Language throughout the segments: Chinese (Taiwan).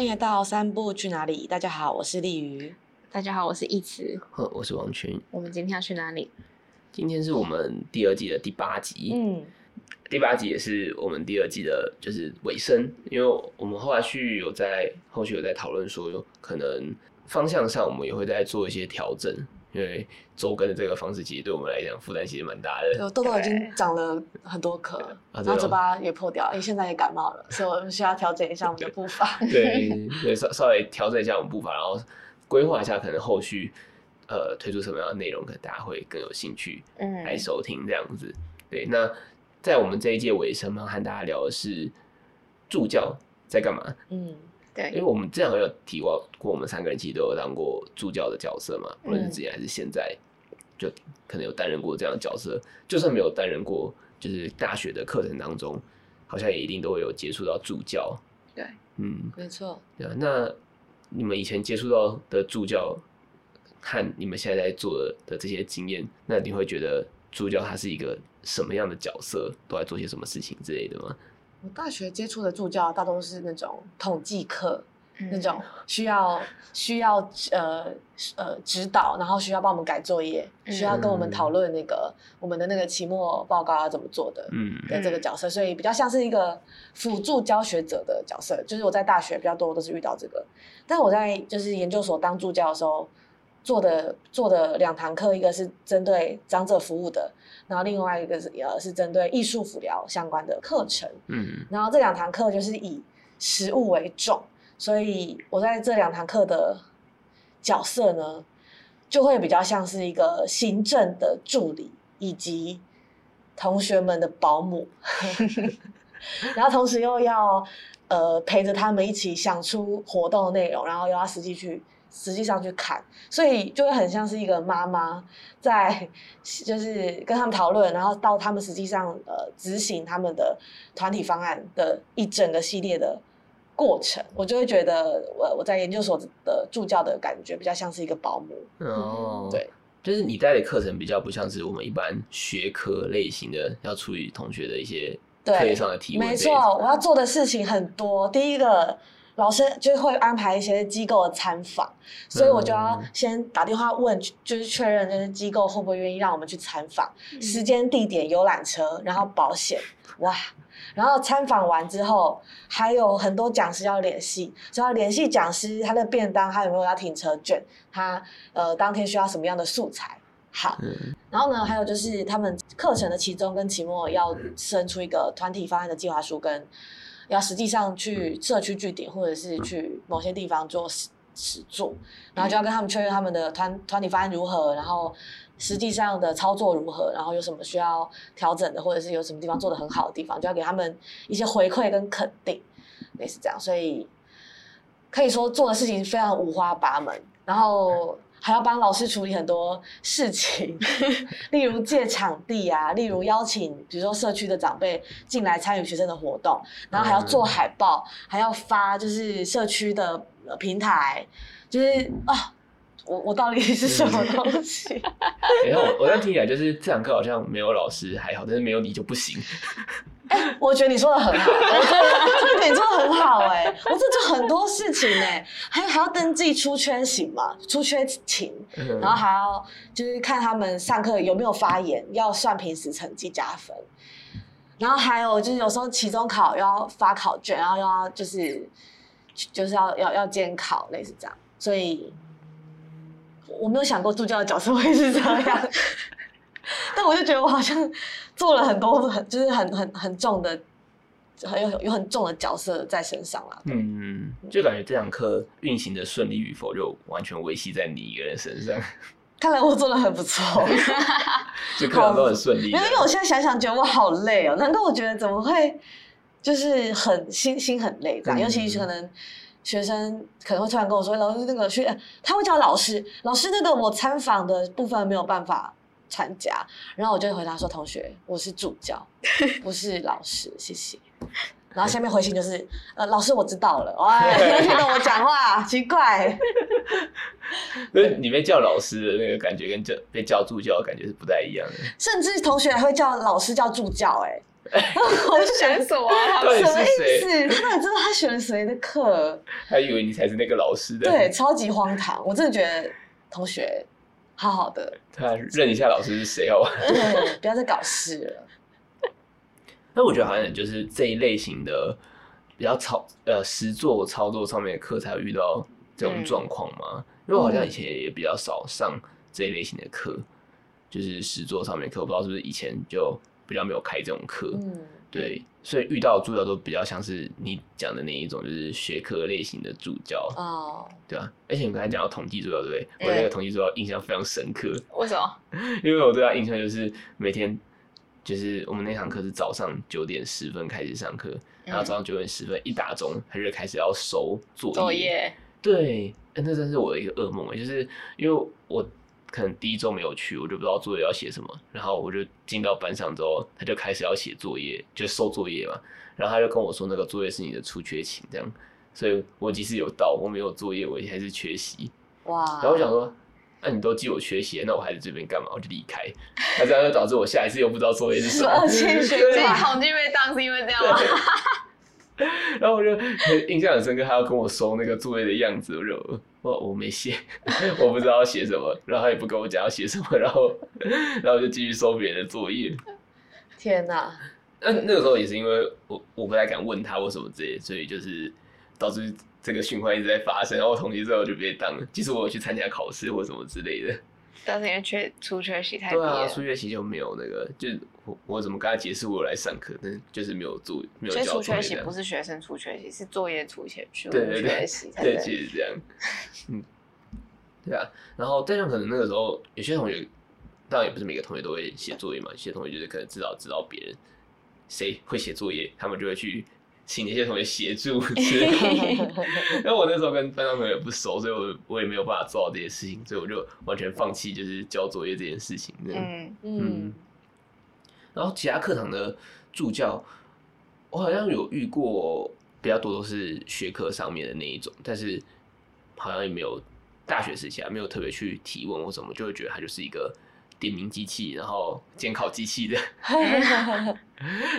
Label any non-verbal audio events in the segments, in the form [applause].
歡迎到三步去哪裡？大家好，我是立瑜。大家好，我是一慈。呵，我是王群。我們今天要去哪裡？今天是我們第二季的第八集。嗯，第八集也是我們第二季的，就是尾聲。因為我們後來去有在後續有在討論說有可能方向上我們也會再做一些調整。因為周更的這個方式，其實對我們來講負擔其實蠻大的。痘痘對對已經長了很多顆，對然後嘴巴也破掉，因為對、欸、現在也感冒了，對所以我們需要調整一下我們的步伐。對，稍稍微調整一下我們步伐，然後規劃一下可能後續，呃，推出什麼樣的內容，可能大家會更有興趣，嗯。來收聽這樣子。嗯、對，那在我們這一屆尾聲呢，和大家聊的是助教在幹嘛？嗯。對，因為、欸、我們之前有提過,過，過我們三個人其實都有當過助教的角色嘛，無論是之前還是現在，嗯、就可能有擔任過這樣的角色。就算沒有擔任過，就是大學的課程當中，好像也一定都會有接觸到助教。對，嗯，沒錯。對啊，那你們以前接觸到的助教和你們現在在做的的這些經驗，那你會覺得助教他是一個什麼樣的角色？都在做些什麼事情之類的嗎？我大學接觸的助教大多都是那種統計課，嗯、那種需要需要呃呃指導，然後需要幫我們改作業，需要跟我們討論那個、嗯、我們的那個期末報告要怎麼做的，的、嗯、這個角色，所以比較像是一個輔助教學者的角色。就是我在大學比較多我都是遇到這個，但我在就是研究所當助教的時候做的做的兩堂課，一個是針對長者服務的。然後另外一個是呃是針對藝術輔療相關的課程，嗯，然後這兩堂課就是以實務為重，所以我在這兩堂課的角色呢，就會比較像是一個行政的助理以及同學們的保姆， [laughs] [laughs] 然後同時又要呃陪着他們一起想出活動的內容，然後又要實際去。實際上去看，所以就會很像是一個媽媽在，就是跟他們討論，然後到他們實際上呃執行他們的團體方案的一整個系列的過程，我就會覺得我我在研究所的助教的感覺比較像是一個保姆。哦、嗯，對，就是你帶的課程比較不像是我們一般學科類型的，要處理同學的一些課業上的題目。沒錯，我要做的事情很多。第一個。老師就會安排一些機構的參訪，所以我就要先打電話問，就是確認這些機構會不會願意讓我們去參訪，嗯、時間、地點、遊覽車，然後保險，哇！ [laughs] 然後參訪完之後，還有很多講師要聯繫，只要聯繫講師他的便當，他有沒有要停車券，他呃當天需要什麼樣的素材。好，嗯、然後呢，還有就是他們課程的期中跟期末要生出一個團體方案的計劃書跟。要實際上去社區據點，或者是去某些地方做實實做，然後就要跟他們確認他們的團團體方案如何，然後實際上的操作如何，然後有什麼需要調整的，或者是有什麼地方做的很好的地方，就要給他們一些回饋跟肯定，也是這樣。所以可以說做的事情非常五花八門，然後，還要幫老師處理很多事情，例如借場地啊，例如邀請，比如說社區的長輩進來參與學生的活動，然後還要做海報，嗯、還要發就是社區的平台，就是啊，我我到底是什麼東西？你看、欸、我我這樣聽起來，就是這堂課好像沒有老師還好，但是沒有你就不行。欸、我覺得你說的很好，你 [laughs] 做的很。 [laughs] 我這就很多事情哎、欸，還還要登記出缺勤嘛，出缺勤、嗯嗯、然後還要就是看他們上課有沒有發言，要算平時成績加分，然後還有就是有時候期中考要發考卷，然後又要就是就是要要要監考類似這樣，所以我沒有想過助教的角色會是這樣， [laughs] 但我就覺得我好像做了很多很就是很很很重的。很有有很重的角色在身上啦，嗯，就感覺這兩科運行的順利與否，就完全維繫在你一個人身上。看來我做的很不錯， [laughs] [laughs] 就可能都很順利。因為因為我現在想想，覺得我好累哦、喔。難道我覺得怎麼會就是很心心很累的。嗯嗯，尤其是可能學生可能會突然跟我說：“老師，那個學他會叫老師，老師那個我參訪的部分沒有辦法參加。”然後我就回答說：“ [laughs] 同學，我是助教，不是老師。”謝謝。然後下面回信，就是，呃，老師，我知道了，哇，聽得懂我講話，奇怪。你們叫老師的那個感覺，跟叫被叫助教的感覺是不太一樣的。甚至同學還會叫老師叫助教、欸，哎，我 [laughs] 學選什啦、啊，對什麼意思？誰他哪知道他選了誰的課？他以為你才是那個老師的？對，超級荒唐，我真的覺得同學好好的，他認一下老師是誰哦、嗯，不要再搞事了。我覺得好像就是這一類型的比較操，呃，實作、操作上面的課才會遇到這種狀況嘛，嗯、因為我好像以前也比較少上這一類型的課，嗯、就是實作上面課，我不知道是不是以前就比較沒有開這種課，嗯，對，所以遇到的助教都比較像是你講的那一種，就是學科類型的助教哦，嗯、對吧、啊？而且你剛才講到統計助教對不對？我那個統計助教印象非常深刻，欸、為什麼？因為我對他印象就是每天。就是我們那堂課是早上九點十分開始上課，然後早上九點十分一打鐘，他就開始要收作業。嗯，作業。對，欸，那真是我的一個噩夢欸，就是因為我可能第一周沒有去，我就不知道作業要寫什麼。然後我就進到班上之後，他就開始要寫作業，就收作業嘛。然後他就跟我說那個作業是你的出缺勤，這樣。所以我即使有到，我沒有作業，我也還是缺席。哇！然後我想說。那、啊、你都記我缺席，那我還在這邊幹嘛？我就離開。他、 [laughs] 啊、這樣就導致我下一次又不知道作業是什麼。繼續 [laughs] [laughs] 對，所以成績被降是因為這樣嗎？然後我就印象很深刻，他要跟我收那個作業的樣子，我就我我沒寫，我不知道要寫什麼， [laughs] 然後他也不跟我講要寫什麼，然後 [laughs] 然後我就繼續收別人的作業。天哪、啊嗯！那個時候也是因為我我不太敢問他為什麼這些，所以就是導致。這個循環一直在發生，然後我同學之後就被當了。即使我有去參加考試或什麼之類的，但是因為缺出缺席太對啊，出缺席就沒有那個，就我我怎麼跟他解釋我有來上課，但是就是沒有做沒有這。所以出缺席不是學生出缺席，是作業出缺席，出、啊、缺席才對。對、就是、這樣。 [laughs] 嗯，對啊。然後再加可能那個時候有些同學，當然也不是每個同學都會寫作業嘛，有些同學就是可能知道知道別人誰會寫作業，他們就會去。請那些同學協助，因為 [laughs] 我那時候跟班上同學不熟，所以我我也沒有辦法做到這些事情，所以我就完全放棄，就是交作業這件事情。嗯嗯，嗯。然後其他課堂的助教，我好像有遇過比較多都是學科上面的那一種，但是好像也沒有大學時期還、啊、沒有特別去提問或什麼，就會覺得他就是一個。點名機器，然後監考機器的， [laughs]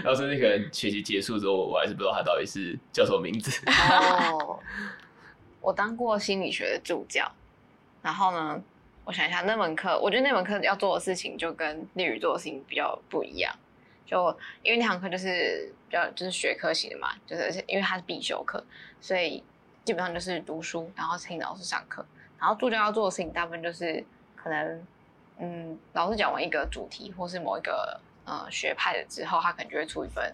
然後所以可能學期結束之後，我還是不知道他到底是叫什麼名字。哦， [laughs] oh, 我當過心理學的助教，然後呢，我想一下那門課，我覺得那門課要做的事情就跟歷史做的事情比較不一樣，就因為那堂課就是比較就是學科型的嘛，就是因為它是必修課，所以基本上就是讀書，然後聽老師上課，然後助教要做的事情大部分就是可能。嗯，老師講完一個主題，或是某一個呃學派的之後，他可能就會出一份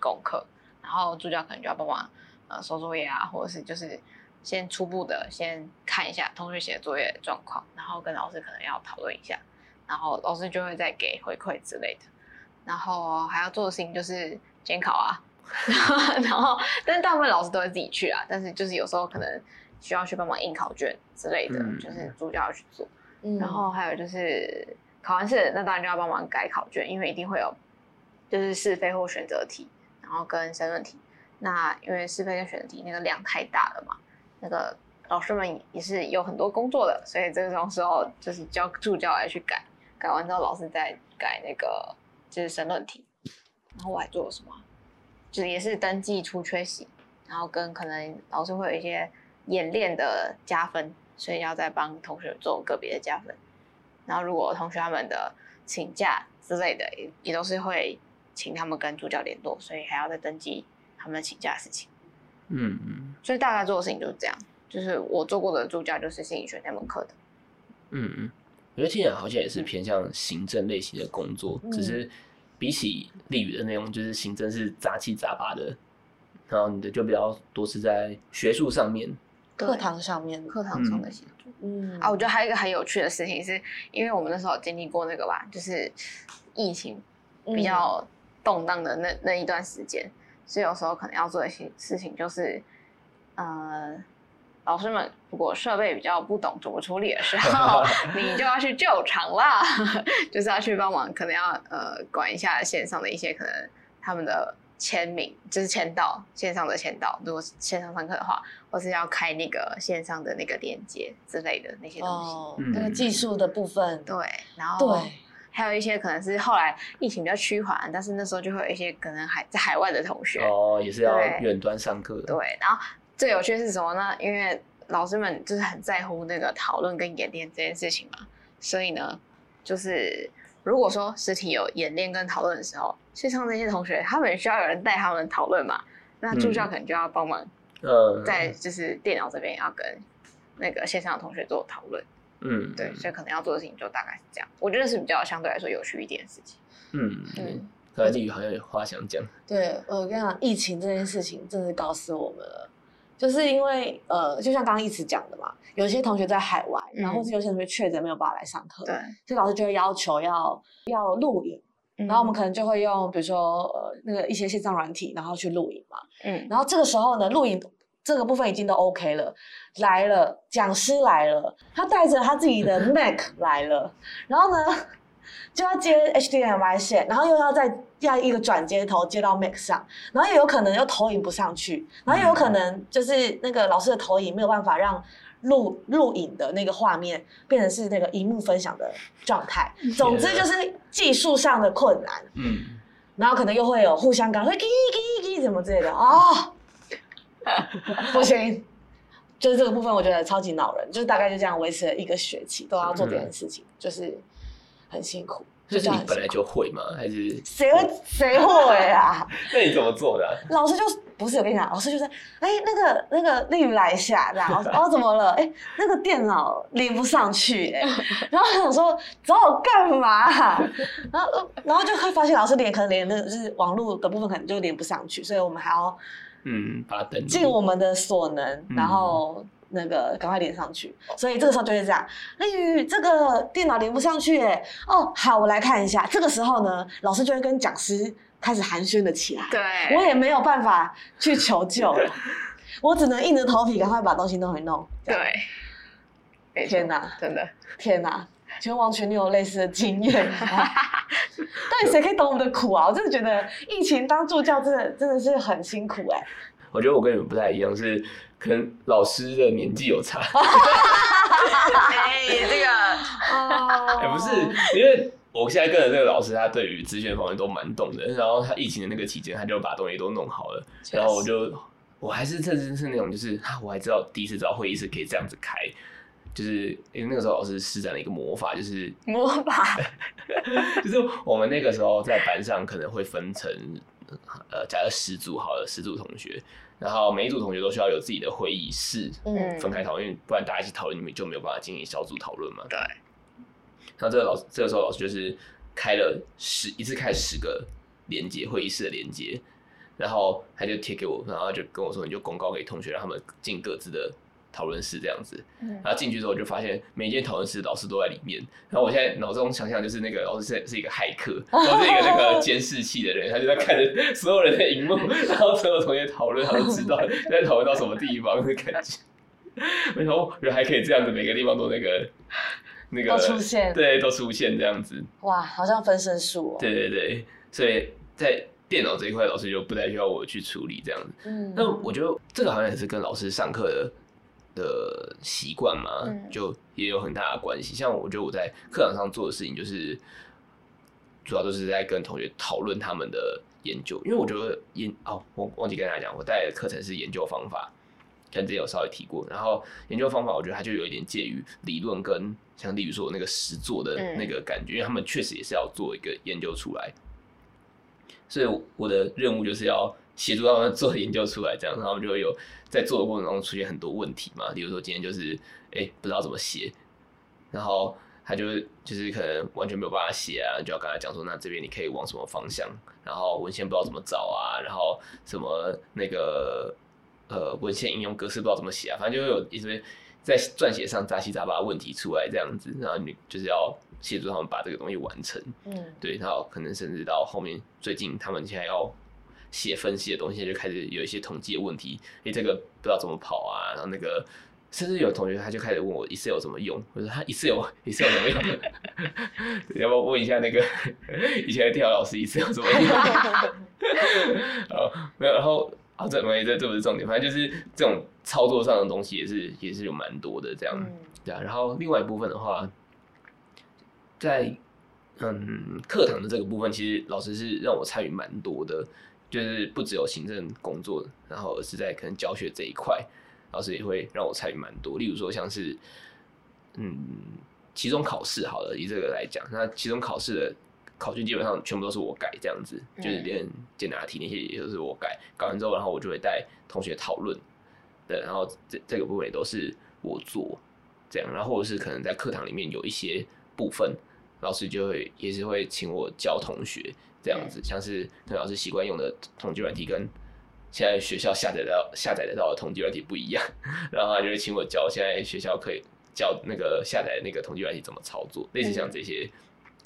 功課，然後助教可能就要幫忙呃收作業啊，或者是就是先初步的先看一下同學寫的作業的狀況，然後跟老師可能要討論一下，然後老師就會再給回饋之類的。然後還要做的事情就是監考啊， [laughs] 然後但是大部分老師都會自己去啊，但是就是有時候可能需要去幫忙印考卷之類的，嗯、就是助教要去做。嗯，然後還有就是考完試，那當然就要幫忙改考卷，因為一定會有就是是非或選擇題，然後跟申論題。那因為是非跟選擇題那個量太大了嘛，那個老師們也是有很多工作的，所以這種時候就是叫助教來去改，改完之後老師再改那個就是申論題。然後我還做了什麼？就是也是登記出缺席，然後跟可能老師會有一些演練的加分。所以要再幫同學做個別的加分，然後如果同學他們的請假之類的，也都是會請他們跟助教聯絡，所以還要再登記他們請假的事情。嗯嗯，所以大概做的事情就是這樣，就是我做過的助教就是心理學那門課的。嗯嗯，我覺得聽起來好像也是偏向行政類型的工作，嗯、只是比起例語的內容，就是行政是雜七雜八的，然後你的就比較多是在學術上面。課堂上面，對課堂上的寫作。嗯啊，我覺得還有一個很有趣的事情是，因為我們那時候經歷過那個吧，就是疫情比較動盪的那、嗯、那一段時間，所以有時候可能要做一些事情，就是呃，嗯、老師們如果設備比較不懂怎麼處理的時候， [laughs] 你就要去救場啦，就是要去幫忙，可能要呃管一下線上的一些可能他們的。簽名就是簽到，線上的簽到。如果是線上上課的話，或是要開那個線上的那個鏈接之類的那些東西，哦，那個技術的部分。對，然後對，還有一些可能是後來疫情比較趨緩，但是那時候就會有一些可能還在海外的同學哦，也是要遠端上課。對，然後最有趣的是什麼呢？因為老師們就是很在乎那個討論跟演練這件事情嘛，所以呢，就是。如果說實體有演練跟討論的時候，線上那些同學他們需要有人帶他們討論嘛，那助教可能就要幫忙，在就是電腦這邊也要跟那個線上的同學做討論，嗯，嗯，對，所以可能要做的事情就大概是這樣，我覺得是比較相對來說有趣一點的事情，嗯，對。何麗宇好像有話想講，對，我跟你講，疫情這件事情真的搞死我們了。就是因為呃，就像剛剛一直講的嘛，有些同學在海外，嗯、然後是有些同學確診沒有辦法來上課，對，所以老師就會要求要要錄影，嗯、然後我們可能就會用比如說呃那個一些線上軟體，然後去錄影嘛，嗯，然後這個時候呢，錄影這個部分已經都 OK 了，來了，講師來了，他帶着他自己的 Mac 來了， [laughs] 然後呢？就要接 HDMI 線，然後又要再這樣一個轉接頭接到 Mac 上，然後也有可能又投影不上去，然後也有可能就是那個老師的投影沒有辦法讓錄錄影的那個畫面變成是那個螢幕分享的狀態，總之就是技術上的困難。嗯，然後可能又會有互相搞會嘰嘰嘰怎麼之類的哦。 [laughs] 不行，就是這個部分我覺得超級惱人，就是大概就這樣維持了一個學期，都要做這件事情，嗯、就是。很辛苦，就是你本來就會嗎？還是誰會誰會啊 [laughs] [laughs] 那你怎麼做的、啊老？老師就不是有跟你講，啊，老師就是哎那個那個你來一下，然後 [laughs] 哦怎麼了？哎、欸、那個電腦連不上去哎、欸， [laughs] 然後我說找我幹嘛，啊？然後然後就會發現老師連可能連的就是網絡的部分，可能就連不上去，所以我們還要嗯，把它等盡我們的所能，然後。那個趕快連上去，所以這個時候就會這樣。哎，麗宇，這個電腦連不上去哎、欸。哦，好，我來看一下。這個時候呢，老師就會跟講師開始寒暄了起來。對，我也沒有辦法去求救了，我只能硬着頭皮趕快把東西弄一弄。對。哎、天哪，真的天哪！全網全你有類似的經驗、 [laughs] 啊？到底誰可以懂我們的苦啊？我真的覺得疫情當助教真的真的是很辛苦哎、欸。我覺得我跟你們不太一樣，是可能老師的年紀有差。哎、 [laughs] [laughs] 欸，這個哦，哎、欸，不是，因為我現在跟的這個老師，他對於資訊方面都蠻懂的。然後他疫情的那個期間，他就把東西都弄好了。然後我就，就是、我還是真是是那種，就是啊，我還知道第一次知道會議是可以這樣子開，就是因為那個時候老師施展了一個魔法，就是魔法， [laughs] [laughs] 就是我們那個時候在班上可能會分成。呃，假如十組好了，十組同學，然後每一組同學都需要有自己的會議室，嗯，分開討論，因為不然大家一起討論，你們就沒有辦法進行小組討論嘛。對、嗯。然後這個老師，這個時候老師就是開了十一次開十個連結會議室的連結，然後他就貼給我，然後就跟我說，你就公告給同學，讓他們進各自的討論室這樣子，然後進去之後我就發現每一間討論室的老師都在裡面。嗯、然後我現在腦中想象就是那個老師是是一個駭客，都是一個那個監視器的人， [laughs] 他就在看着所有人在熒幕然後所有同學討論，他都知道在討論到什麼地方的感覺。沒想人還還可以這樣子，每個地方都那個那個都出現，對，都出現這樣子。哇，好像分身術，哦。對對對，所以在電腦這一塊，老師就不太需要我去處理這樣子。嗯，那我覺得這個好像也是跟老師上課的。的習慣嘛，就也有很大的關係。像我覺得我在課堂上做的事情，就是主要都是在跟同學討論他們的研究，因為我覺得研哦，我忘記跟大家講，我帶的課程是研究方法，可能之前有稍微提過。然後研究方法，我覺得它就有一點介於理論跟像，例如說那個實作的那個感覺，嗯、因為他們確實也是要做一個研究出來，所以我的任務就是要。協助他們做研究出來。這樣，然後他們就會有在做的過程中出現很多問題嘛。比如說今天就是，誒、欸，不知道怎麼寫，然後他就就是可能完全沒有辦法寫啊，就要跟他講說，那這邊你可以往什麼方向，然後文獻不知道怎麼找啊，然後什麼那個呃文獻引用格式不知道怎麼寫啊，反正就有一堆在撰寫上雜七雜八的問題出來這樣子，然後你就是要協助他們把這個東西完成，嗯，對，然後可能甚至到後面最近他們現在要。寫分析的東西就開始有一些統計的問題，哎、欸，這個不知道怎麼跑啊，然後那個甚至有同學他就開始問我 Excel 怎麼用，我說他 Excel Excel 怎麼用？啊、 [laughs] [laughs] 要不要問一下那個以前的電腦老師 Excel 怎麼用？ [laughs] [laughs] 好，沒有，然後，然後啊，這沒這這不是重點，反正就是這種操作上的東西也是也是有蠻多的這樣，嗯、對啊。然後另外一部分的話，在嗯課堂的這個部分，其實老師是讓我參與蠻多的。就是不只有行政工作，然後而是在可能教學這一塊，老師也會讓我參與蠻多。例如說像是，嗯，期中考試，好了，以這個來講，那期中考試的考卷基本上全部都是我改這樣子，就是連簡答題那些也都是我改。改、嗯、完之後，然後我就會帶同學討論，對，然後這這個部分也都是我做這樣，然後或者是可能在課堂裡面有一些部分，老師就會也是會請我教同學。這樣子，Yeah. 像是陳老師習慣用的統計軟體跟現在學校下載到下載得到的統計軟體不一樣。然後他就會請我教現在學校可以教那個下載的那個統計軟體怎麼操作，嗯、類似像這些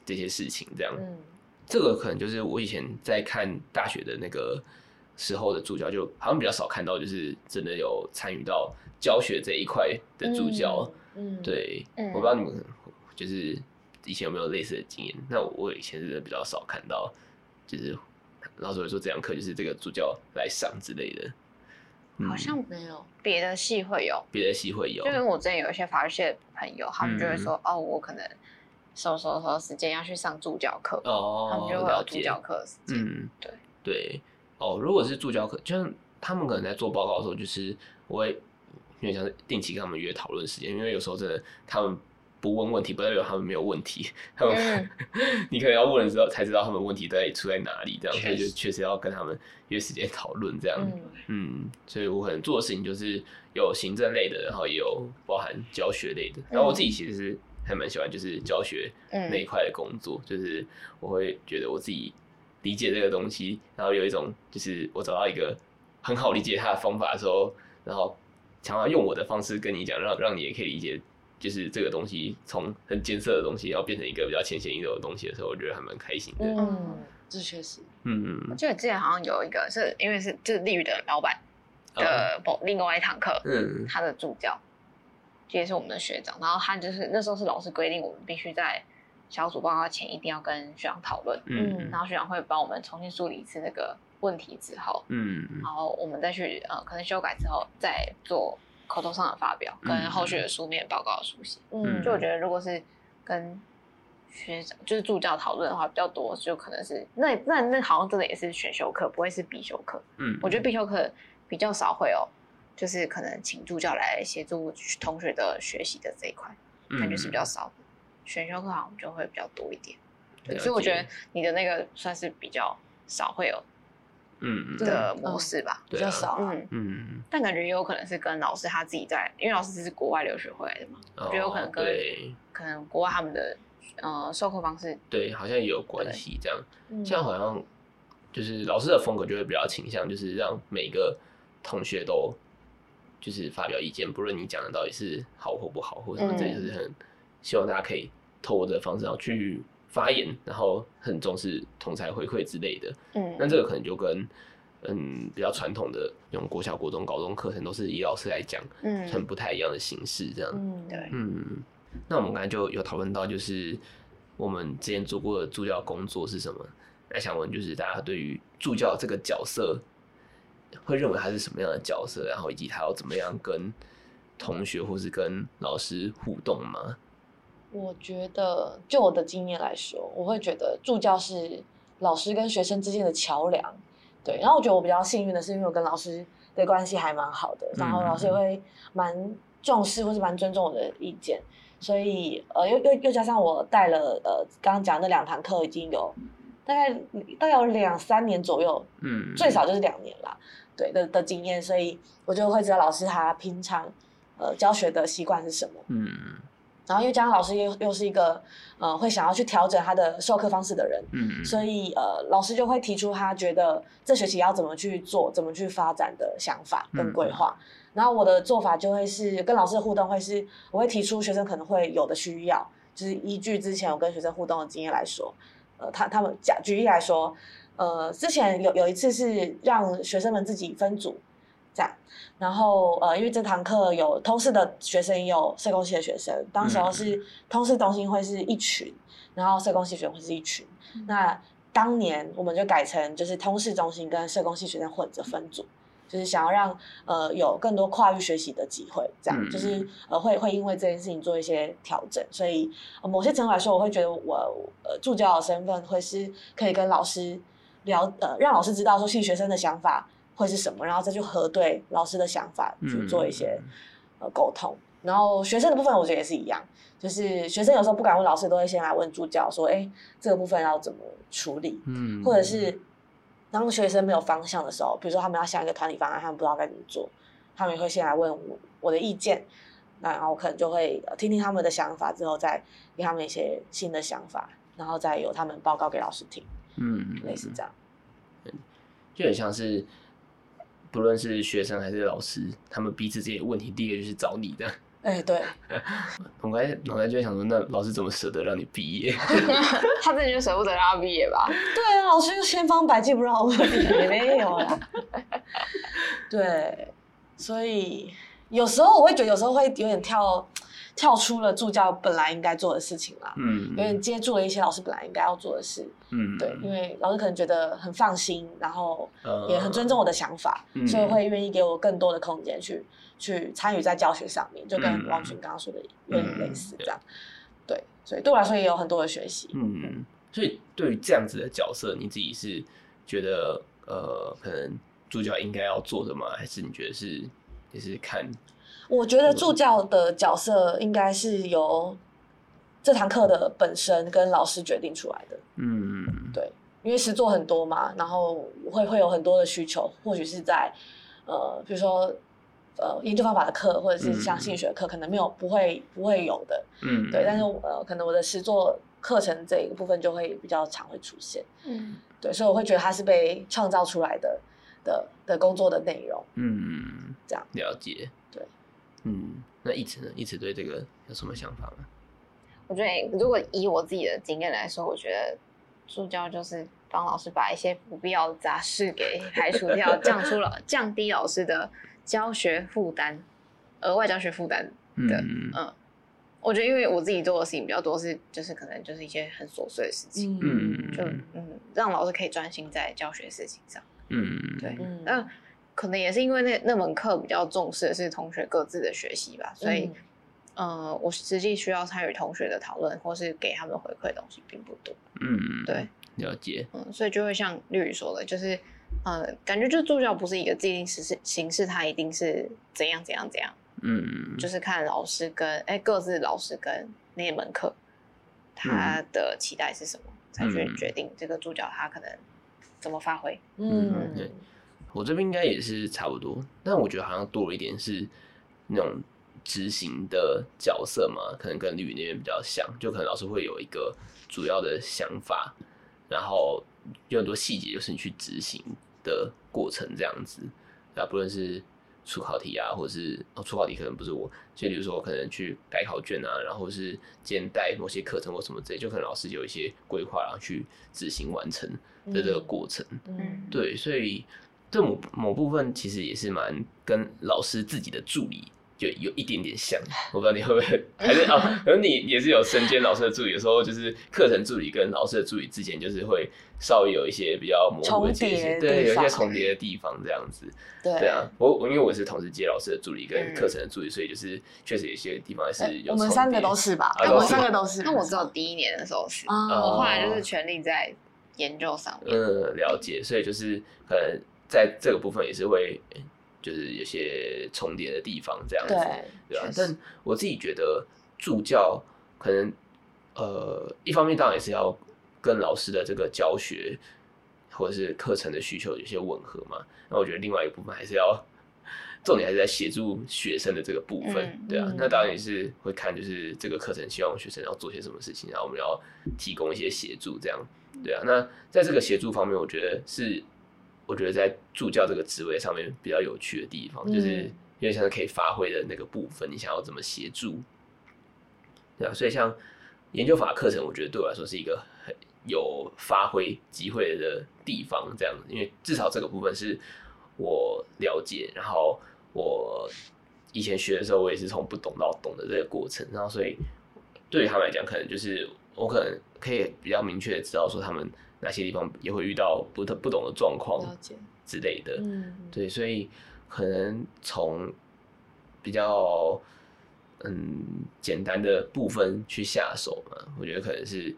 這些事情這樣。嗯、這個可能就是我以前在看大學的那個時候的助教，就好像比較少看到，就是真的有參與到教學這一塊的助教。嗯，嗯對，我不知道你們、嗯、就是以前有沒有類似的經驗？那我，我以前真的比較少看到。就是老師會說，這堂課就是這個助教來上之類的，嗯，好像沒有別的系會有，別的系會有，因為我之前有一些法律系的朋友，他們就會說、嗯、哦，我可能什麼時候時間要去上助教課，哦，他們就會有助教課時間。嗯、對對哦，如果是助教課，就是他們可能在做報告的時候，就是我會因為想定期跟他們約討論時間，因為有時候真的他們。不問問題，不代表他們沒有問題。他們、嗯、 [laughs] 你可能要問的時候才知道他們問題到底出在哪裡。這樣，確實，所以就確實要跟他們約時間討論這樣。嗯，嗯，所以我可能做的事情，就是有行政類的，然後也有包含教學類的。然後我自己其實還蠻喜歡就是教學那一塊的工作，嗯、就是我會覺得我自己理解這個東西，然後有一種就是我找到一個很好理解他的方法的時候，然後想要用我的方式跟你講，讓讓你也可以理解。就是這個東西從很艱澀的東西，要變成一個比較淺顯易懂的東西的時候，我覺得還蠻開心的。嗯，這確實。嗯嗯，我記得之前好像有一個，是因為是就是利於的老闆的另外一堂課，嗯、啊，他的助教其實、嗯、是我們的學長，然後他就是那時候是老師規定我們必須在小組報告前一定要跟學長討論，嗯，然後學長會幫我們重新梳理一次那個問題之後，嗯嗯，然後我們再去呃可能修改之後再做。口頭上的發表跟後續的書面報告的書寫，嗯，哼嗯，就我覺得如果是跟學長就是助教討論的話比較多，就可能是那那那好像真的也是選修課，不會是必修課，嗯哼，我覺得必修課比較少會有，就是可能請助教來協助同學的學習的這一塊，感覺是比較少的，嗯、哼選修課好像就會比較多一點，對，解所以我覺得你的那個算是比較少會有。嗯，嗯，的模式吧，嗯、比較少、啊啊。嗯嗯，但感覺也有可能是跟老師他自己在，因為老師是國外留學回來的嘛，哦、我覺得有可能跟對可能國外他們的呃授課方式對，好像也有關係。這樣，對像好像就是老師的風格就會比較傾向，嗯、就是讓每個同學都就是發表意見，不論你講的到底是好或不好，或者什麼這些，嗯、就是很希望大家可以透過這個方式上去發言，然後很重視同儕回饋之類的。嗯，那這個可能就跟嗯比較傳統的那種國小、國中、高中課程都是以老師來講，嗯，很不太一樣的形式這樣。嗯，對。嗯，那我們剛才就有討論到，就是我們之前做過的助教工作是什麼？那想問就是大家對於助教這個角色，會認為他是什麼樣的角色？然後以及他要怎麼樣跟同學或是跟老師互動嗎？我覺得，就我的經驗來說，我會覺得助教是老師跟學生之間的橋樑，對。然後我覺得我比較幸運的是，因為我跟老師的關係還蠻好的，然後老師也會蠻重視，或是蠻尊重我的意見。所以，呃，又又又加上我帶了呃，剛剛講的那兩堂課已經有大概大概，有兩三年左右，嗯，最少就是兩年啦。對的的經驗，所以我就會知道老師他平常呃教學的習慣是什麼，嗯。然後因為加上老師又又是一個，呃，會想要去調整他的授課方式的人，嗯，嗯，所以呃，老師就會提出他覺得這學期要怎麼去做、怎麼去發展的想法跟規劃。嗯嗯。然後我的做法就會是跟老師的互動會是，我會提出學生可能會有的需要，就是依據之前我跟學生互動的經驗來說，呃，他他們講舉例來說，呃，之前有有一次是讓學生們自己分組。這樣，然後呃，因為這堂課有通識的學生，也有社工系的學生。當時候是通識中心會是一群，然後社工系學生會是一群。嗯、那當年我們就改成就是通識中心跟社工系學生混着分組，嗯、就是想要讓呃有更多跨域學習的機會。這樣、嗯、就是呃會會因為這件事情做一些調整。所以、呃、某些程度來說，我會覺得我呃助教的身份會是可以跟老師聊呃讓老師知道說系學生的想法。會是什麼？然後再去核對老師的想法，嗯、去做一些呃溝通。然後學生的部分，我覺得也是一樣，就是學生有時候不敢問老師，都會先來問助教說：“哎、欸，這個部分要怎麼處理？”嗯，或者是當學生沒有方向的時候，比如說他們要想一個團體方案，他們不知道該怎麼做，他們也會先來問我，我的意見。那然後我可能就會聽聽他們的想法，之後再給他們一些新的想法，然後再由他們報告給老師聽。嗯，類似這樣，就很像是。不論是學生還是老師，他們彼此這些問題，第一個就是找你的。哎、欸，對，腦袋腦袋就在想說，那老師怎麼捨得讓你畢業？ [laughs] 他自己就捨不得讓他畢業吧？對啊，老師就千方百計不讓我 [laughs] 沒有、啊。對，所以有時候我會覺得，有時候會有點跳。跳出了助教本來應該做的事情啦，嗯，有點接住了一些老師本來應該要做的事，嗯，對，因為老師可能覺得很放心，然後也很尊重我的想法，呃、所以會願意給我更多的空間去，嗯、去參與在教學上面，就跟王群剛剛說的有點類似，這樣，嗯，對，對，所以對我來說也有很多的學習，嗯嗯，對所以對於這樣子的角色，你自己是覺得呃，可能助教應該要做的嗎？還是你覺得是就是看？我覺得助教的角色應該是由這堂課的本身跟老師決定出來的。嗯，對，因為實作很多嘛，然後會會有很多的需求，或許是在呃，比如說呃，研究方法的課，或者是像心理學的課，可能沒有不會不會有的。嗯，對，但是呃，可能我的實作課程這一部分就會比較常會出現。嗯，對，所以我會覺得它是被創造出來的的的工作的內容。嗯，這樣了解。嗯，那一直呢？一直對這個有什麼想法嗎？我覺得，如果以我自己的經驗來說，我覺得助教就是幫老師把一些不必要的雜事給排除掉，降出了降低老師的教學負擔，額外教學負擔。嗯嗯嗯。我覺得，因為我自己做的事情比較多，是就是可能就是一些很瑣碎的事情。嗯就嗯，讓老師可以專心在教學事情上。嗯嗯。對，嗯。嗯可能也是因為那那門課比較重視的是同學各自的學習吧，所以，嗯、呃，我實際需要參與同學的討論或是給他們回饋的東西並不多。嗯，對，了解。嗯，所以就會像綠宇說的，就是，呃，感覺就助教不是一個既定形式，形式他一定是怎樣怎樣怎樣。嗯，就是看老師跟哎各自老師跟那門課，他的期待是什麼？嗯、才去決定這個助教他可能怎麼發揮。嗯，對、嗯。嗯我這邊應該也是差不多，嗯、但我覺得好像多了一點是那種執行的角色嘛，可能跟綠云那邊比較像，就可能老師會有一個主要的想法，然後有很多細節就是你去執行的過程這樣子啊，不論是出考題啊，或者是哦出考題可能不是我，就比如說我可能去改考卷啊，然後是兼帶某些課程或什麼之類，就可能老師有一些規劃，然後去執行完成的這個過程，嗯、對，所以。這某某部分其實也是蠻跟老師自己的助理就有一點點像，我不知道你會不會，還是 [laughs] 啊？可能你也是有身兼老師的助理，有時候就是課程助理跟老師的助理之間就是會稍微有一些比較模糊疊的一些，地方對，有一些重疊的地方，這樣子。對啊，我我因為我是同時接老師的助理跟課程的助理，嗯、所以就是確實有些地方是有、欸。我們三個都是吧？我們三個都是。但我只有第一年的時候是，嗯、我後來就是全力在研究上面。嗯、了解，所以就是可能。在這個部分也是會，欸、就是有些重疊的地方，這樣子，對，對啊。確實。但我自己覺得助教可能，呃，一方面當然也是要跟老師的這個教學或者是課程的需求有些吻合嘛。那我覺得另外一個部分還是要，重點還是在協助學生的這個部分，嗯、對啊。那當然也是會看，就是這個課程希望學生要做些什麼事情，然後我們要提供一些協助，這樣，對啊。那在這個協助方面，我覺得是。我覺得在助教這個職位上面比較有趣的地方，就是因為現在可以發揮的那個部分，你想要怎麼協助，對吧、啊？所以像研究法課程，我覺得對我來說是一個很有發揮機會的地方。這樣子，因為至少這個部分是我了解，然後我以前學的時候，我也是從不懂到懂的這個過程。然後，所以對於他們來講，可能就是我可能可以比較明確的知道說他們。哪些地方也會遇到不不不懂的狀況之類的，嗯，對，所以可能從比較嗯簡單的部分去下手嘛，我覺得可能是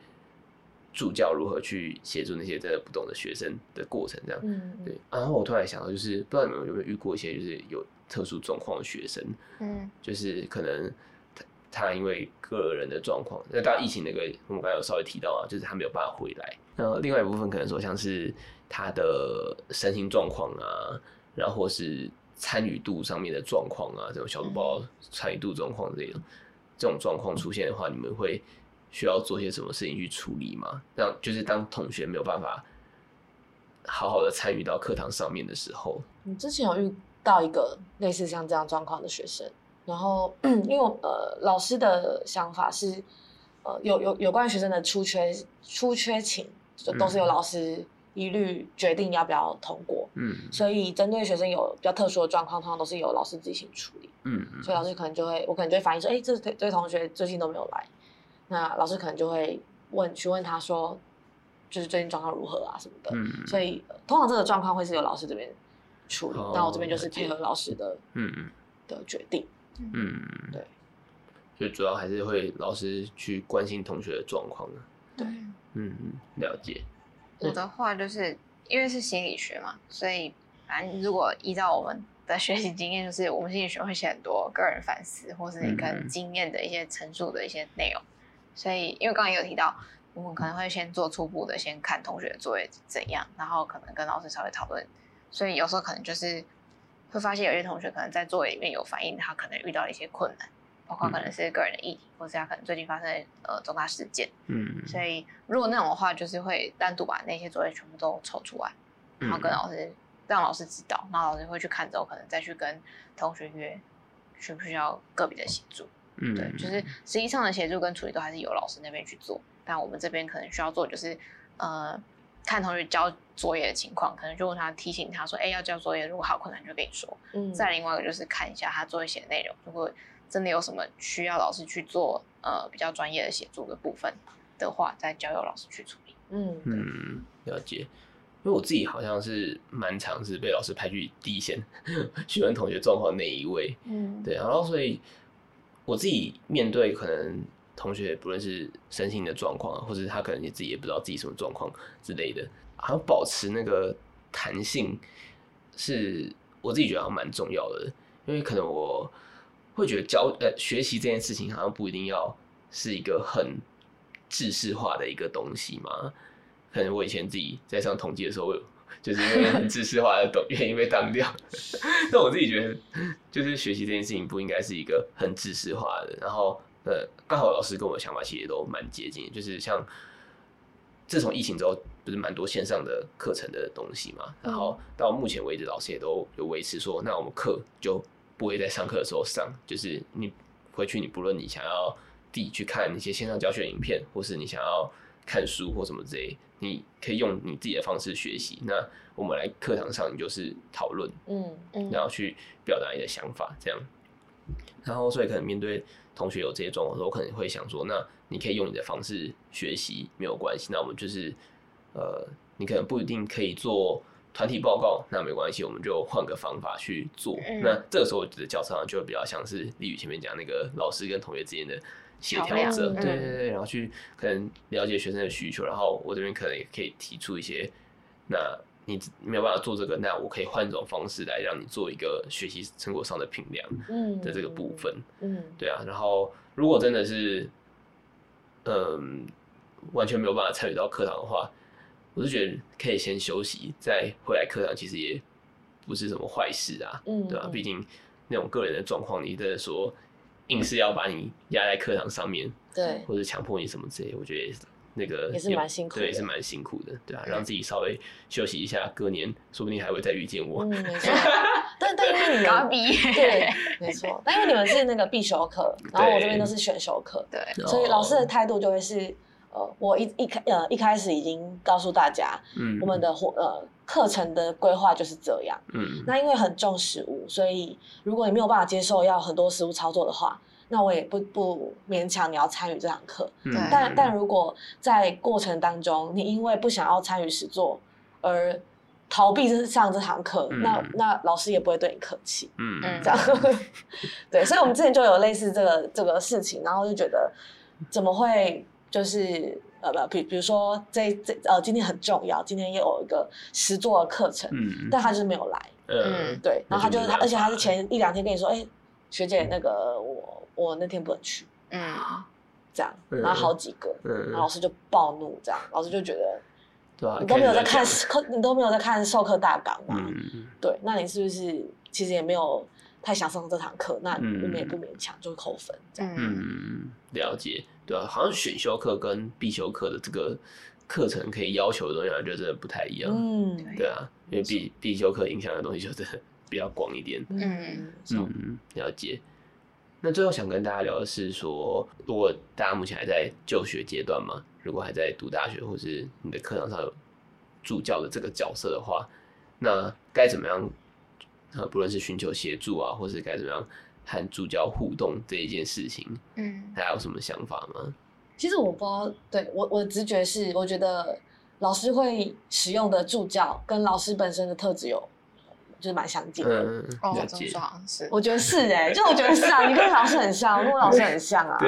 助教如何去協助那些真的不懂的學生的過程，這樣，嗯，嗯對。然後我突然想到，就是不知道你們有沒有遇過一些就是有特殊狀況的學生，嗯，就是可能。他因為個人的狀況，那到疫情那個，我們剛才有稍微提到啊，就是他沒有辦法回來。呃，另外一部分可能說，像是他的身心狀況啊，然後或是參與度上面的狀況啊，這種小組包參與度狀況這樣、嗯、這種狀況出現的話，你們會需要做些什麼事情去處理嗎？讓就是當同學沒有辦法好好的參與到課堂上面的時候，你之前有遇到一個類似像這樣狀況的學生？然後，因為我呃，老師的想法是，呃，有有有關於學生的出缺出缺勤，都是由老師一律決定要不要通過。嗯。所以，針對學生有比較特殊的狀況，通常都是由老師自行處理。嗯，所以，老師可能就會，我可能就會反映說，哎、欸，這這同學最近都沒有來，那老師可能就會問詢問他說，就是最近狀況如何啊什麼的。嗯，所以、呃，通常這個狀況會是由老師這邊處理。哦。那我這邊就是配合老師的，嗯，的決定。嗯，對，所以主要還是會老師去關心同學的狀況呢、啊。對，嗯，了解。我的話就是因為是心理學嘛，所以反正如果依照我們的學習經驗，就是我們心理學會寫很多個人反思或是你跟經驗的一，的一些陳述的一些內容。所以因為剛剛也有提到，我們可能會先做初步的，先看同學的作業怎樣，然後可能跟老師稍微討論。所以有時候可能就是。會發現有些同學可能在作業裡面有反映，他可能遇到了一些困難，包括可能是個人的議題，嗯、或是他可能最近發生呃重大事件。嗯，所以如果那種的話，就是會單獨把那些作業全部都抽出來，然後跟老師、嗯、讓老師知道，然後老師會去看之後，可能再去跟同學約，需不需要個別的協助。嗯，對，就是實際上的協助跟處理都還是由老師那邊去做，但我們這邊可能需要做就是呃。看同學交作業的情況，可能就問他提醒他說：“哎、欸，要交作業，如果好困難，就跟你說。”嗯。再另外一個就是看一下他作業寫的內容，如果真的有什麼需要老師去做呃比較專業的寫作的部分的話，再交由老師去處理。嗯，對嗯。了解。因為我自己好像是蠻常是被老師派去第一線詢 [laughs] 問同學狀況那一位。嗯。對，然後所以我自己面對可能。同學，不論是身心的狀況，或者他可能也自己也不知道自己什麼狀況之類的，好像保持那個彈性，是我自己覺得蠻重要的。因為可能我會覺得教呃學習這件事情好像不一定要是一個很知識化的一個東西嘛。可能我以前自己在上統計的時候，就是因為很知識化的東原因被當掉。但 [laughs] [laughs] 我自己覺得，就是學習這件事情不應該是一個很知識化的，然後。呃，剛好老師跟我的想法其實也都蠻接近，就是像自從疫情之後，不是蠻多線上的課程的東西嘛。然後到目前為止，老師也都有維持說，那我們課就不會在上課的時候上，就是你回去，你不論你想要自己去看一些線上教學影片，或是你想要看書或什麼之類，你可以用你自己的方式學習。那我們來課堂上，你就是討論，嗯嗯，然後去表達你的想法這樣。然後所以可能面對。同學有這些狀況，我可能會想說，那你可以用你的方式學習，沒有關係。那我們就是，呃，你可能不一定可以做團體報告，那沒關係，我們就換個方法去做。嗯、那這個時候，我覺得教材上就比較像是例如前面講那個老師跟同學之間的協調者，對對、嗯、對，然後去可能了解學生的需求，然後我這邊可能也可以提出一些那。你沒有辦法做這個，那我可以換一種方式來讓你做一個學習成果上的評量，嗯的這個部分，嗯，嗯對啊。然後如果真的是，嗯，完全沒有辦法參與到課堂的話，我就覺得可以先休息，嗯、再回來課堂，其實也不是什麼壞事啊，啊嗯，對、嗯、吧？畢竟那種個人的狀況，你真的說硬是要把你壓在課堂上面，對，或者強迫你什麼之類，我覺得。也是。那個也，也是蠻辛苦的，對，也是蠻辛苦的，對啊。讓自己稍微休息一下，對隔年說不定還會再遇見我。對，但因為你們比，對，沒錯，但因為你們是那個必修課，對然後我這邊都是選修課，對，所以老師的態度就會是，呃，我一一開呃一開始已經告訴大家，嗯，嗯，我們的活呃課程的規劃就是這樣，嗯，那因為很重實務，所以如果你沒有辦法接受要很多實務操作的話。那我也不不勉強你要參與這堂課，嗯、但但如果在過程當中，你因為不想要參與實作而逃避就是上這堂課，嗯、那那老師也不會對你客氣，嗯嗯，這樣，嗯、對，所以我們之前就有類似這個這個事情，然後就覺得怎麼會就是呃不，比比如說這這呃今天很重要，今天又有一個實作的課程，嗯、但他就是沒有來，嗯，嗯對，然後他就他、嗯、而且他是前一兩天跟你說，哎、嗯欸，學姐那個我。我那天不能去，嗯，這樣，然後好幾個，嗯、然後老師就暴怒，這樣，老師就覺得，對啊，你都沒有在看課，你都沒有在看授課大綱嘛？嗯、對，那你是不是其實也沒有太想上這堂課？那我們也不勉強，嗯、就扣分，這樣。嗯，了解，對啊，好像選修課跟必修課的這個課程可以要求的東西，啊，就真的不太一樣。嗯，對啊，因為必必修課影響的東西就是比較廣一點。嗯、嗯，了解。那最後想跟大家聊的是說，如果大家目前還在就學階段嘛，如果還在讀大學，或是你的課堂上有助教的這個角色的話，那該怎麼樣？呃，不論是尋求協助啊，或是該怎麼樣和助教互動這一件事情，嗯，大家有什麼想法嗎？其實我不知道，對，我我的直覺是，我覺得老師會使用的助教跟老師本身的特質有。就是蠻相近的哦，真覺得好像是，我覺得是誒、欸， [laughs] 就我覺得是啊， [laughs] 你跟老師很像，我跟老師很像啊， [laughs] 像啊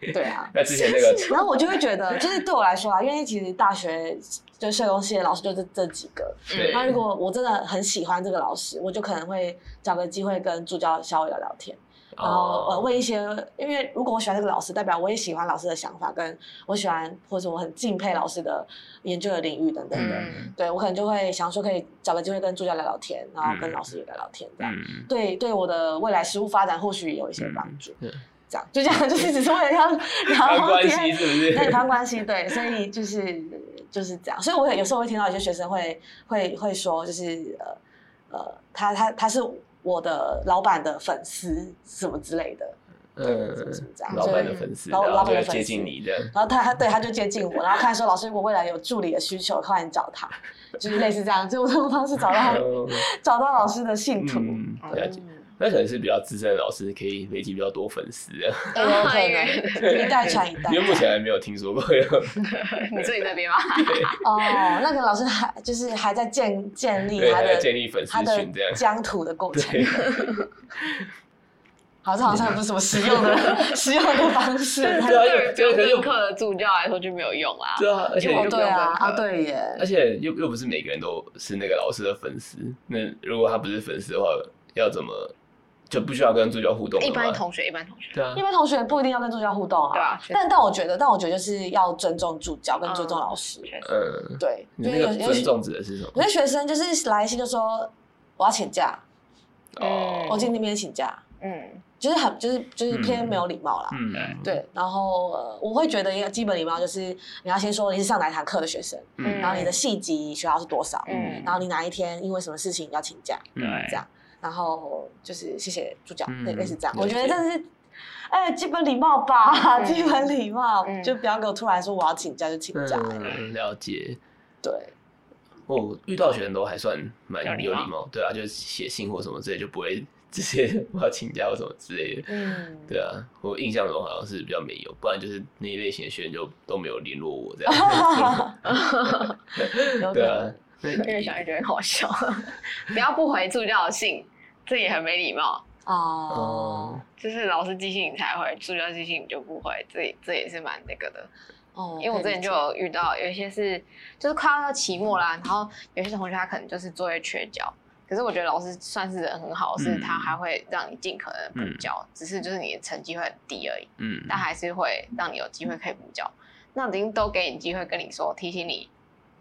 對對啊。之前那個，然後我就會覺得，就是對我來說啊，因為其實大學就社工系的老師就是這、這幾個，那對如果我真的很喜歡這個老師， [laughs] 我就可能會找個機會跟助教稍微聊聊天。然後呃，問一些，因為如果我喜歡這個老師，代表我也喜歡老師的想法，跟我喜歡或者是我很敬佩老師的研究的領域等等的，嗯、對我可能就會想說可以找個機會跟助教聊聊天，然後跟老師也聊聊天，這樣、嗯、對對我的未來實務發展或許有一些幫助。對、嗯，這樣就這樣，就是只是為了要聊、嗯、後，天，那攀關，關係，對，所以就是就是這樣。所以我有時候會聽到一些學生會會會說，就是呃呃，他他他是，我的老闆的粉絲什麼之類的。對，嗯，什麼、什麼這樣老闆的粉絲、老闆的粉絲對然後他他對他就接近我，然後看說老師，如果未來有助理的需求，可以找他，就是類似這樣，就用這種方式找到他，嗯、找到老師的信徒。嗯嗯嗯。那可能是比較資深的老師，可以累積比較多粉絲啊。對，一代傳一代。因為目前還沒有聽說過。你自己那邊嗎？哦，那個老師還就是還在建、建立他的建立粉絲他的疆土的過程。好像好像也不是什麼實用的實用的方式，他對於只有聽課的助教來說就沒有用啊。對啊，而且對啊，啊對耶。而且又又不是每個人都是那個老師的粉絲，那如果他不是粉絲的話，要怎麼就不需要跟助教互動，一般同學，一般同學，對啊，一般同學不一定要跟助教互動啊，對啊。但但我覺得，但我覺得就是要尊重助教跟尊重老師，呃，對。你那個尊重指的是什麼？有些學生就是來信就說我要請假，哦。我進那邊請假，嗯，就是很就是就是偏沒有禮貌啦，嗯，對。然後我會覺得一個基本禮貌就是你要先說你是上哪一堂課的學生，嗯，然後你的系級學號是多少，嗯，然後你哪一天因為什麼事情要請假，對，這樣。然後就是謝謝助教，也是這樣。嗯、我覺得這是，哎、嗯，欸、基本禮貌吧，嗯、基本禮貌，嗯、就不要給我突然說我要請假就請假。嗯、了解，對。我遇到的學生都還算蠻有禮貌，對啊，就寫信或什麼之類，就不會直接我要請假或什麼之類的，嗯，對啊。我印象中好像是比較沒有，不然就是那一類型的學生就都沒有聯絡我這樣。 [laughs] [laughs] [laughs] 對啊。因為小孩覺得好笑， [laughs] 不要不回助教的信，這也很沒禮貌哦、oh, 嗯。就是老師寄信你才回，助教寄信你就不回。這這也是蠻那個的。哦，oh, okay, 因為我之前就有遇到有一些是就是快要到期末啦，然後有些同學他可能就是作業缺交，可是我覺得老師算是人很好，嗯、是他還會讓你盡可能補交，嗯、只是就是你的成績會很低而已。嗯，但還是會讓你有機會可以補交，那已經都給你機會跟你說提醒你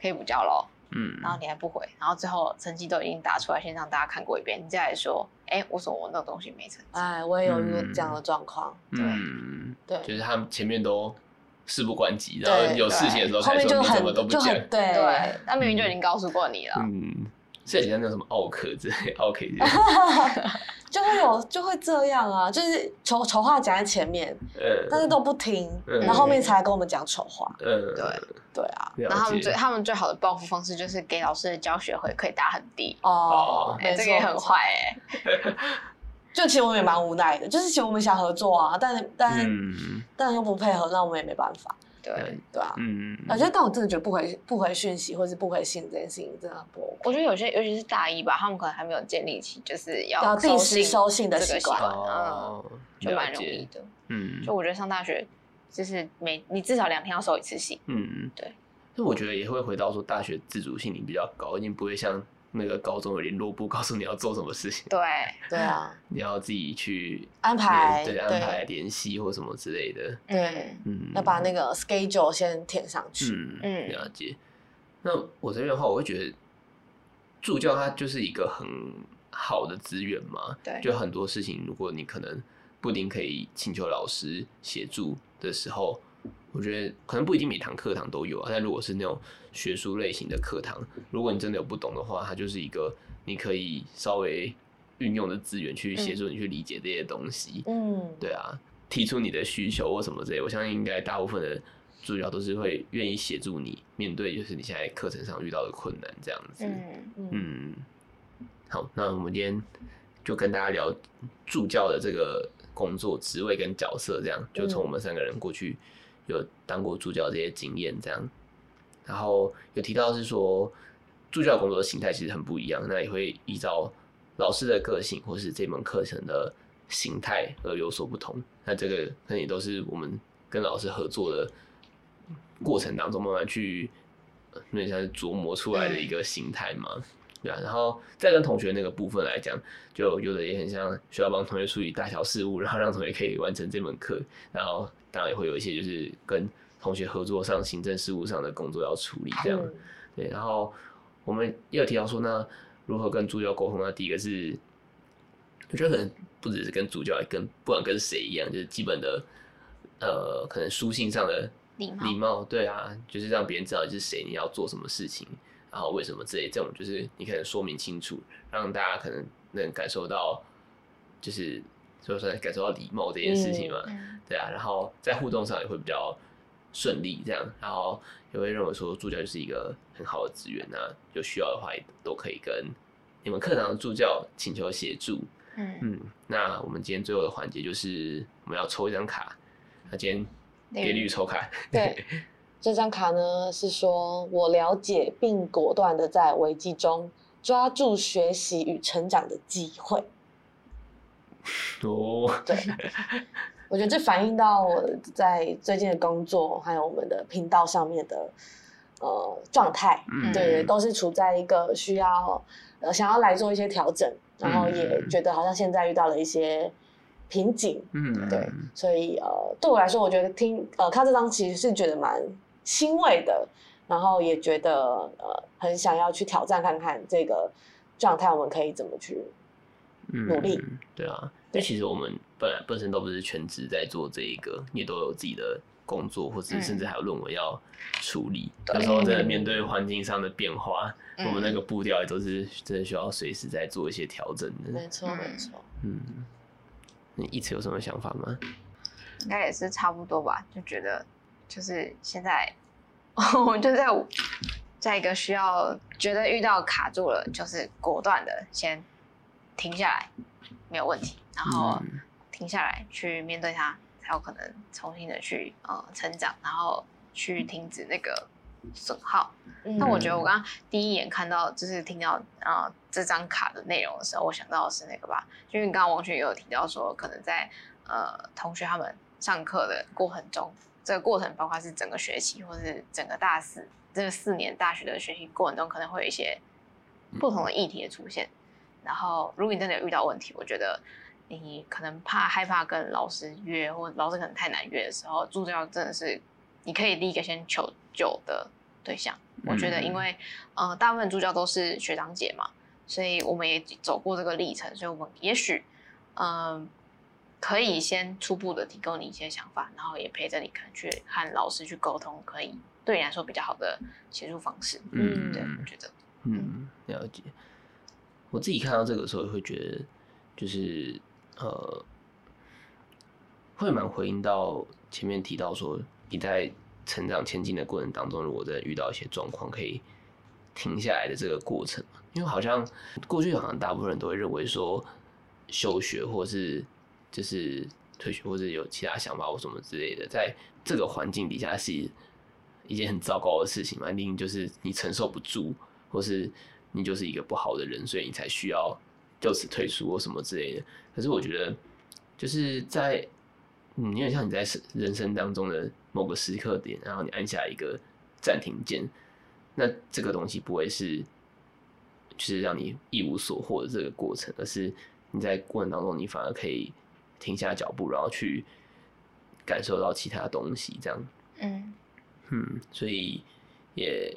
可以補交嘍。嗯，然後你還不回，然後最後成績都已經打出來，先讓大家看過一遍，你再來說，哎，我說我那東西沒成績？哎，我也有一個這樣的狀況，嗯，對，對，就是他們前面都事不關己，然後有事情的時候才說你什麼都不講。對、對、對、對，他明明就已經告訴過你了，嗯，這幾天叫什麼奧克之類，奧克這樣。 [laughs] 就會有就會這樣啊，就是醜醜話講在前面，呃、但是都不聽，嗯、然後後面才跟我們講醜話。嗯、對對、嗯、對啊，然後了解、他們最他們最好的報復方式就是給老師的教學會可以打很低哦，欸欸、這個也很壞哎、欸。就其實我們也蠻無奈的，就是其實我們想合作啊，但但、嗯、但又不配合，那我們也沒辦法。對那對啊，嗯嗯，我覺得但我真的覺得不回不回訊息或者是不回信這件事情真的不、OK，我覺得有些尤其是大一吧，他們可能還沒有建立起就是要、啊啊、定時收信的習慣、啊，嗯、哦，就蠻容易的，嗯，就我覺得上大學就是每你至少兩天要收一次信，嗯，對，那、嗯、我覺得也會回到說大學自主性比較高，一定不會像。那個高中的聯絡部告訴你要做什麼事情，對，對對啊， [laughs] 你要自己去安排，對，對安排聯繫或什麼之類的，對，對對，嗯，要把那個 schedule 先填上去，嗯嗯，嗯，了解。那我這邊的話，我會覺得助教他就是一個很好的資源嘛，對，就很多事情，如果你可能不一定可以請求老師協助的時候。我覺得可能不一定每堂課堂都有啊，但如果是那種學術類型的課堂，如果你真的有不懂的話，它就是一個你可以稍微運用的資源去協助你去理解這些東西。嗯，對啊，提出你的需求或什麼之類，我相信應該大部分的助教都是會願意協助你面對就是你現在課程上遇到的困難這樣子。嗯嗯。好，那我們今天就跟大家聊助教的這個工作職位跟角色，這樣就從我們三個人過去，有當過助教這些經驗，這樣，然後有提到是說，助教工作的形態其實很不一樣，那也會依照老師的個性或是這門課程的形態而有所不同。那這個，那也都是我們跟老師合作的過程當中，慢慢去，那像是琢磨出來的一個形態嘛。對啊，然後再跟同學那個部分來講，就有的也很像需要幫同學處理大小事務，然後讓同學可以完成這門課。然後當然也會有一些就是跟同學合作上行政事務上的工作要處理這樣。對，然後我們要提到說呢，如何跟助教溝通呢？那第一個是，我覺得可能不只是跟助教，跟不管跟誰一樣，就是基本的，呃，可能書信上的禮貌，禮貌對啊，就是讓別人知道你、就是誰，你要做什麼事情。然後為什麼之類這種，就是你可以說明清楚，讓大家可能能感受到、就是，就是就是感受到禮貌這件事情嘛，嗯、對啊。嗯、然後在互動上也會比較順利，這樣，然後也會認為說助教就是一個很好的資源吶、啊，有需要的話也都可以跟你們課堂的助教請求協助。嗯，嗯，那我們今天最後的環節，就是我們要抽一張卡，那今天給綠抽卡。嗯、 [laughs] 對。對這張卡呢，是說我了解並果斷的在危機中抓住學習與成長的機會。哦多，對，我覺得這反映到我在最近的工作，還有我們的頻道上面的呃狀態，嗯、對都是處在一個需要、呃、想要來做一些調整，然後也覺得好像現在遇到了一些瓶頸，嗯，對，所以呃對我來說，我覺得聽呃看這張其實是覺得蠻。欣慰的，然後也覺得、呃、很想要去挑戰看看這個狀態，我們可以怎麼去努力？嗯、對啊，但對其實我們本來本身都不是全職在做這一個，也都有自己的工作，或是甚至還有論文要處理。嗯、有時候在面對環境上的變化，對我們那個步調也都是真的需要隨時在做一些調整的。沒錯，沒錯。嗯，你一直有什麼想法嗎？應該也是差不多吧，就覺得。就是現在，我 [laughs] 就在在一個需要覺得遇到卡住了，就是果斷的先停下來，沒有問題，然後停下來去面對它，才有可能重新的去呃成長，然後去停止那個損耗。那、嗯、我覺得我剛剛第一眼看到就是聽到啊、呃、這張卡的內容的時候，我想到的是那個吧，因為剛剛王群也有提到說，可能在呃同學他們上課的過程中，這個過程包括是整個學期，或是整個大四，這四年大學的學習過程中可能會有一些不同的議題的出現。嗯、然後，如果你真的有遇到問題，我覺得你可能怕、嗯、害怕跟老師約，或老師可能太難約的時候，助教真的是你可以第一個先求救的對象。嗯、我覺得，因為嗯、呃，大部分助教都是學長姐嘛，所以我們也走過這個歷程，所以我們也許，嗯、呃。可以先初步的提供你一些想法，然後也陪着你看，去和老師去溝通，可以對你來說比較好的協助方式。嗯，對，對，嗯，我覺得，嗯，了解。我自己看到這個時候，會覺得就是呃，會蠻回應到前面提到說你在成長前進的過程當中，如果在遇到一些狀況，可以停下來的這個過程。因為好像過去好像大部分人都會認為說休學或是。就是退學或者有其他想法或什麼之類的，在這個環境底下是一件很糟糕的事情嘛，另就是你承受不住，或是你就是一個不好的人，所以你才需要就此退出或什麼之類的。可是我覺得就是在，嗯，有點像你在人生當中的某個時刻點，然後你按下一個暫停鍵，那這個東西不會是，就是讓你一無所獲的這個過程，而是你在過程當中，你反而可以。停下腳步，然後去感受到其他東西，這樣，嗯、嗯，所以也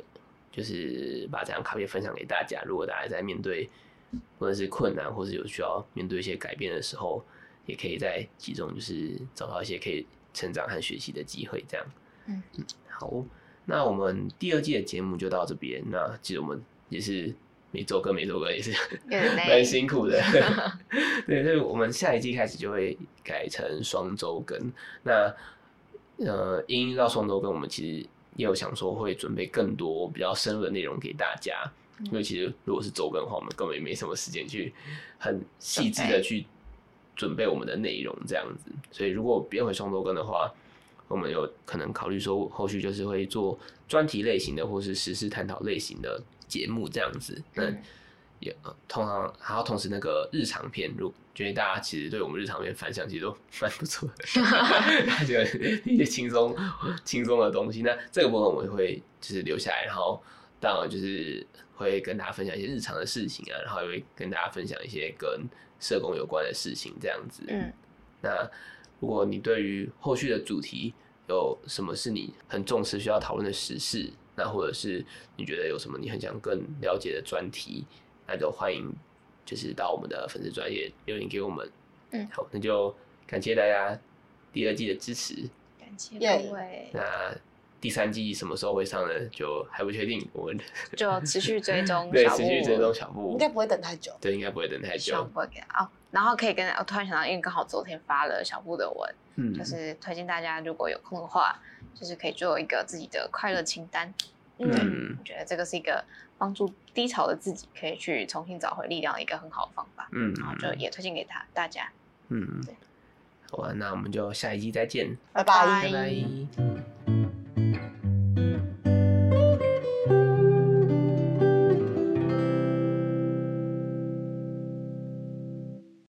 就是把這張卡片分享給大家。如果大家在面對或者是困難，或者有需要面對一些改變的時候，也可以在其中就是找到一些可以成長和學習的機會，這樣，嗯，好，那我們第二季的節目就到這邊。那其實我們也是。每週更，每週更也是蠻 Yeah. [laughs] 辛苦的。 [laughs] 對，所以我們下一季開始就會改成雙週更。那呃，因為到雙週更，我們其實也有想說會準備更多比較深入的內容給大家。Mm. 因為其實如果是周更的話，我們根本也沒什麼時間去很細緻的去準備我們的內容這樣子。Okay. 所以如果變回雙週更的話，我們有可能考慮說後續就是會做專題類型的，或是時事探討類型的節目這樣子，那、嗯、也、呃、通常還要同時那個日常片，如果覺得大家其實對我們日常的反響其實都蠻不錯的，那就一些輕鬆輕鬆的東西。那這個部分我們會就是留下來，然後當然就是會跟大家分享一些日常的事情啊，然後也會跟大家分享一些跟社工有關的事情這樣子。嗯、那如果你對於後續的主題有什麼是你很重視需要討論的時事，那，或者是你覺得有什麼你很想更了解的專題，那都歡迎，就是到我們的粉絲專頁留言給我們。嗯，好，那就感謝大家第二季的支持，感謝各位。Yeah. 那。第三季什麼時候會上呢？就還不確定，我就持續追蹤。對，持續追蹤小布，應該不會等太久。對，應該不會等太久。給哦，然後可以跟，我突然想到，因為剛好昨天發了小布的文，嗯，就是推薦大家如果有空的話，就是可以做一個自己的快樂清單。嗯我覺得這個是一個幫助低潮的自己可以去重新找回力量的一個很好的方法。嗯，然後就也推薦給他大家。嗯好啊，那我們就下一季再見。拜拜拜拜。